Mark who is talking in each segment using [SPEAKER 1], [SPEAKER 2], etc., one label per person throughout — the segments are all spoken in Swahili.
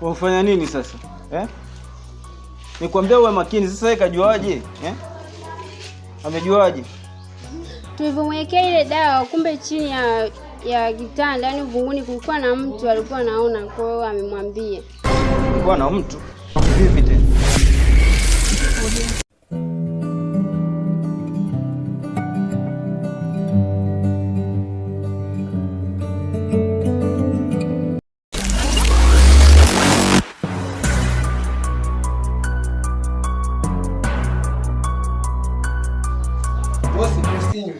[SPEAKER 1] wafanya nini sasa eh? Nikwambia uwe makini sasa. Yeye kajuaje eh? Amejuaje
[SPEAKER 2] tulivyomwekea ile dawa? Kumbe chini ya ya kitanda, yaani uvunguni, kulikuwa na mtu alikuwa anaona, kwa hiyo amemwambia
[SPEAKER 1] kulikuwa na mtu
[SPEAKER 3] usinywe.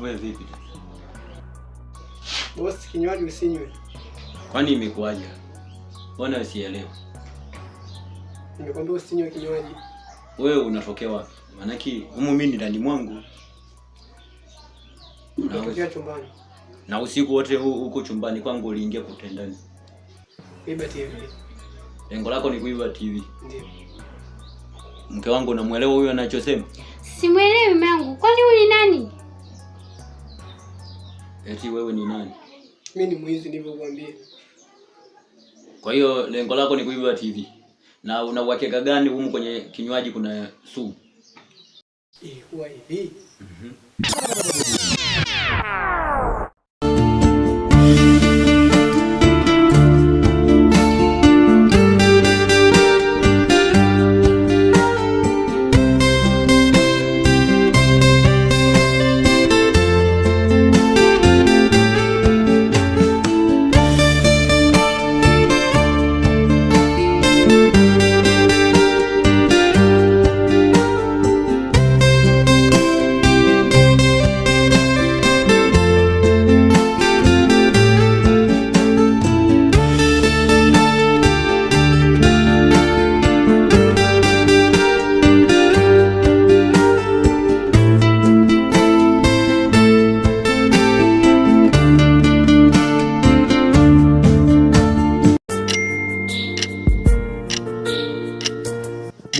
[SPEAKER 3] Wewe vipi? Wewe kinywaji usinywe.
[SPEAKER 4] Kwani imekuwaje? Mbona usielewe?
[SPEAKER 3] Nimekwambia usinywe kinywaji.
[SPEAKER 4] Wewe unatokea wapi? Maanake humu mimi ndani mwangu.
[SPEAKER 3] Unatokea chumbani.
[SPEAKER 4] Na usiku wote huko chumbani kwangu uliingia kutendani. Kuiba TV. Lengo lako ni kuiba TV. Ndio. Mke wangu unamuelewa huyo anachosema?
[SPEAKER 2] Simwelewi mume wangu, kwani wewe ni nani?
[SPEAKER 4] Eti wewe ni nani?
[SPEAKER 3] Mimi ni mwizi nilivyokuambia.
[SPEAKER 4] Kwa hiyo lengo lako ni kuiba TV. Na una uhakika gani humu kwenye kinywaji kuna sumu?
[SPEAKER 3] Eh, huwa hivi.
[SPEAKER 4] Mhm.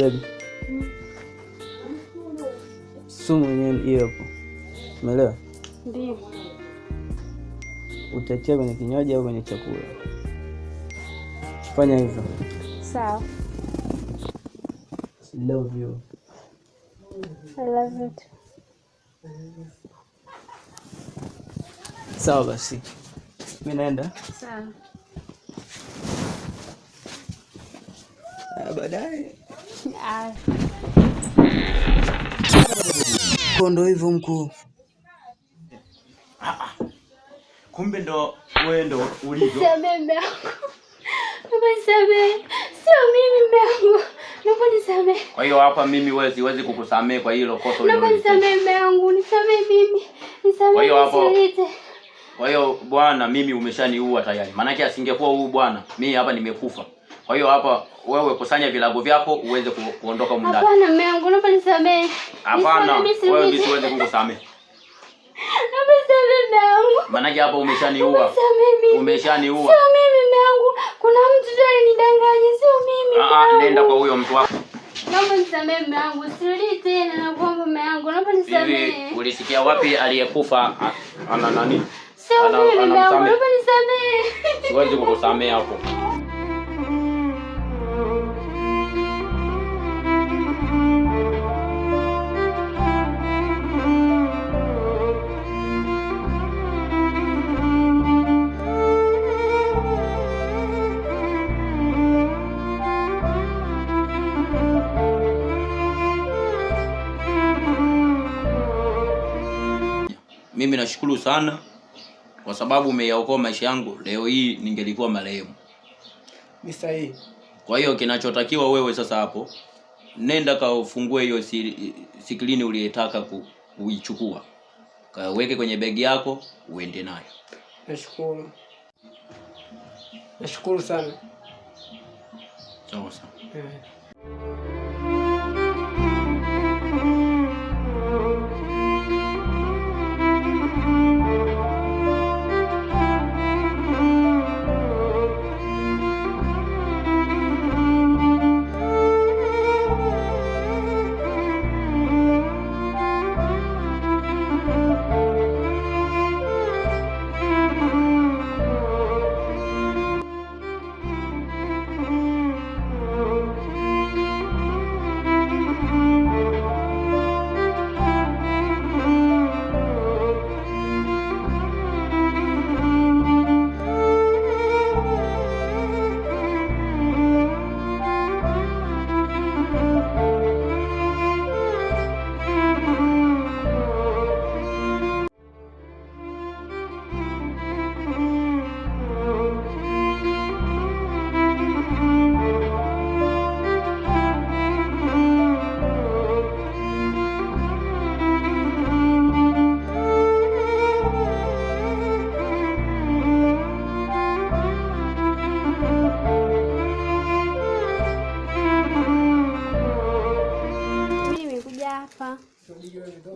[SPEAKER 5] Baby, sumu yenyewe hiyo hapo, umeelewa? Ndio. Utaitia kwenye kinywaji au kwenye chakula? Fanya hivyo. Sawa. Love you.
[SPEAKER 6] I love you too.
[SPEAKER 5] Sawa basi. Mimi naenda. Sawa. Ah, baadaye. R kondo hivyo mkuu.
[SPEAKER 4] Ah, ah. kumbe ndo wewe ndo ulivyo.
[SPEAKER 6] Sio mimi
[SPEAKER 4] Kwa hiyo hapa mimi wewe siwezi kukusamehe kwa hilo kosa
[SPEAKER 6] hilo. mimi.
[SPEAKER 4] kwa hiyo bwana, mimi umeshaniua tayari. Maanake asingekuwa huyu bwana, mimi hapa nimekufa. Kwa hiyo hapa wewe kusanya vilabu vyako uweze ku, kuondoka huko
[SPEAKER 6] ndani. Hapana mume wangu, naomba nisamee.
[SPEAKER 4] Hapana, wewe mimi siwezi kukusamee.
[SPEAKER 6] Naomba nisamehe mume wangu.
[SPEAKER 4] Maana hapa umeshaniua. Umeshaniua. Sio
[SPEAKER 6] mimi mume wangu. Kuna mtu tu alinidanganya, sio mimi.
[SPEAKER 4] Ah, ah nenda kwa huyo mtu wako.
[SPEAKER 6] Naomba nisamee mume wangu. Sirudi tena na kuomba mume wangu. Naomba nisamehe.
[SPEAKER 4] Ulisikia wapi aliyekufa? Ah, ana nani?
[SPEAKER 6] Sio mimi mume wangu. Naomba nisamee.
[SPEAKER 4] Siwezi kukusamea hapo. mimi nashukuru sana kwa sababu umeyaokoa maisha yangu, leo hii ningelikuwa marehemu. Ni sahihi. Kwa hiyo kinachotakiwa wewe sasa hapo, nenda kaufungue hiyo sikilini uliyetaka kuichukua, kaweke kwenye begi yako, uende nayo.
[SPEAKER 3] Nashukuru, nashukuru sana.
[SPEAKER 4] Sawa sawa. Eh.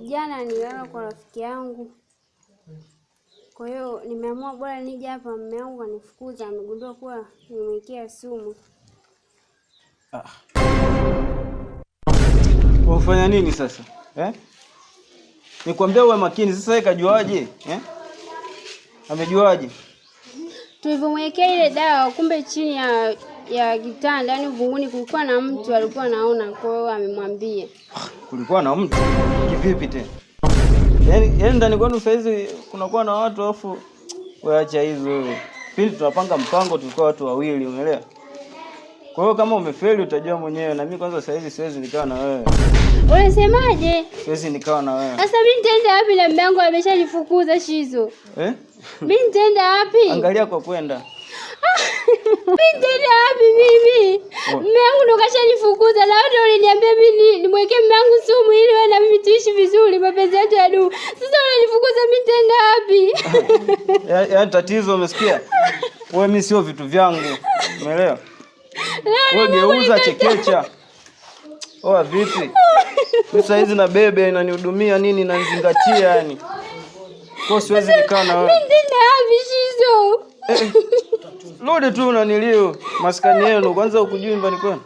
[SPEAKER 6] Jana nilala kwa rafiki yangu, kwa hiyo nimeamua bora nije hapa. Mume wangu anifukuza, amegundua kuwa nimekea sumu. Ah,
[SPEAKER 1] wafanya nini sasa eh? Nikwambia uwe makini sasa. Yeye kajuaje eh? Amejuaje
[SPEAKER 2] tulivyomwekea ile dawa? Kumbe chini ya ya kitanda, yani uvunguni kulikuwa na mtu alikuwa anaona, kwa hiyo amemwambia.
[SPEAKER 1] Kulikuwa na mtu kivipi tena? Yani, yani ndani kwenu saa hizi kunakuwa na watu alafu waacha hizo. Pili tunapanga mpango, tulikuwa watu wawili, umeelewa? Kwa hiyo kama umefeli utajua mwenyewe, na mimi kwanza saa hizi siwezi nikawa na wewe.
[SPEAKER 6] Unasemaje?
[SPEAKER 1] Siwezi nikawa na wewe.
[SPEAKER 6] Sasa mimi nitaenda wapi na mume wangu ameshalifukuza shizo? Eh? Mimi nitaenda wapi?
[SPEAKER 1] Angalia kwa kwenda.
[SPEAKER 6] Binteli wapi mimi? Mume wangu ndo kashanifukuza. La watu waliniambia mimi nimwekee mume wangu sumu ili wewe na mimi tuishi vizuri, mapenzi yetu ya dumu. Sasa mimi nitaenda wapi?
[SPEAKER 1] Yaani tatizo umesikia? Wewe mimi sio vitu vyangu. Umeelewa? Wewe geuza chekecha. Oa vipi? Sasa hizi na bebe inanihudumia nini inanizingatia yani. Kwa siwezi nikaa na wewe. Mimi ndio Lodi tu unanilio maskani yenu kwanza, ukujui nyumbani kwenu.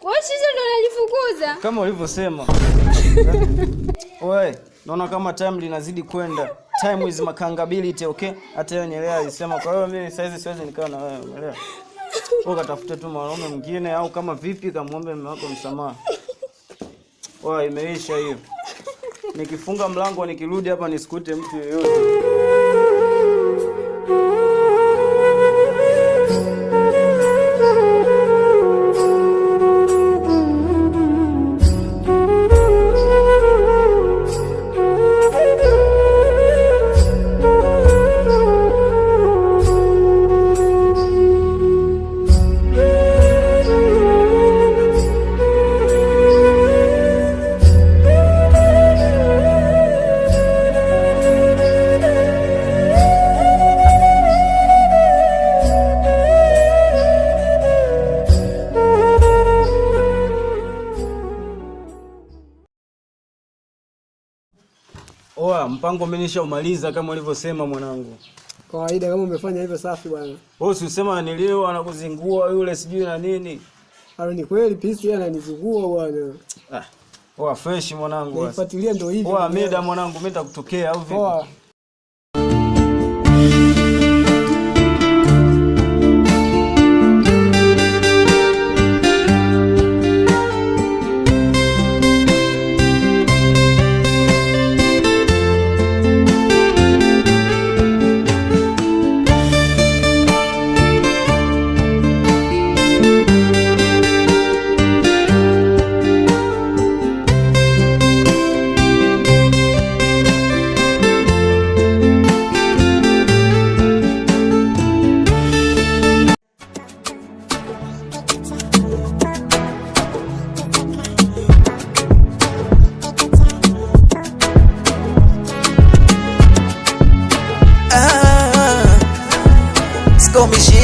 [SPEAKER 6] Kwa sisi ndo nalifukuza
[SPEAKER 1] kama ulivyosema. Wewe naona kama time linazidi kwenda. Time is makangability, okay? Hata yeye nielewa alisema. Kwa hiyo mimi saizi siwezi nikawa na wewe, umeelewa? Wewe katafute tu mwanaume mwingine au kama vipi, kamwombe mume wako msamaha. Wewe imeisha hiyo nikifunga mlango nikirudi hapa nisikute mtu yeyote. mpango mimi nishaumaliza kama ulivyosema mwanangu.
[SPEAKER 3] Kawaida kama umefanya hivyo safi bwana.
[SPEAKER 1] Wewe usisema nilio anakuzingua yule sijui na nini.
[SPEAKER 3] Halo ni kweli pisi yeye ananizungua bwana. Ah.
[SPEAKER 1] Oa fresh mwanangu.
[SPEAKER 3] Nifuatilie ndio hivi.
[SPEAKER 1] Oa mida mwanangu mimi nitakutokea au vipi?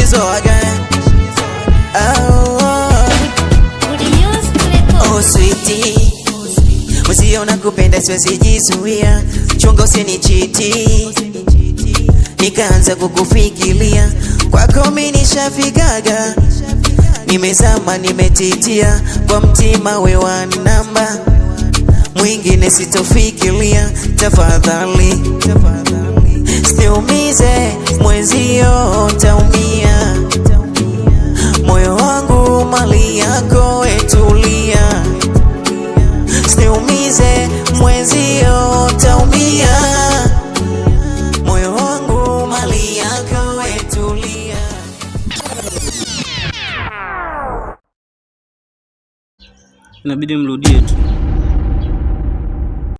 [SPEAKER 7] she's all again. Oh, oh. oh sweetie, usiona kupenda siwezi jizuia, chunga chiti, nikaanza kukufikiria kwako mimi nishafikaga, nimezama nimetitia kwa mtima we wa namba mwingine sitofikilia tafadhali, tafadhali. Usiniumize mwenzio, taumia moyo wangu, mali yako etulia, niumize mwenzio, taumia Inabidi mrudie tu.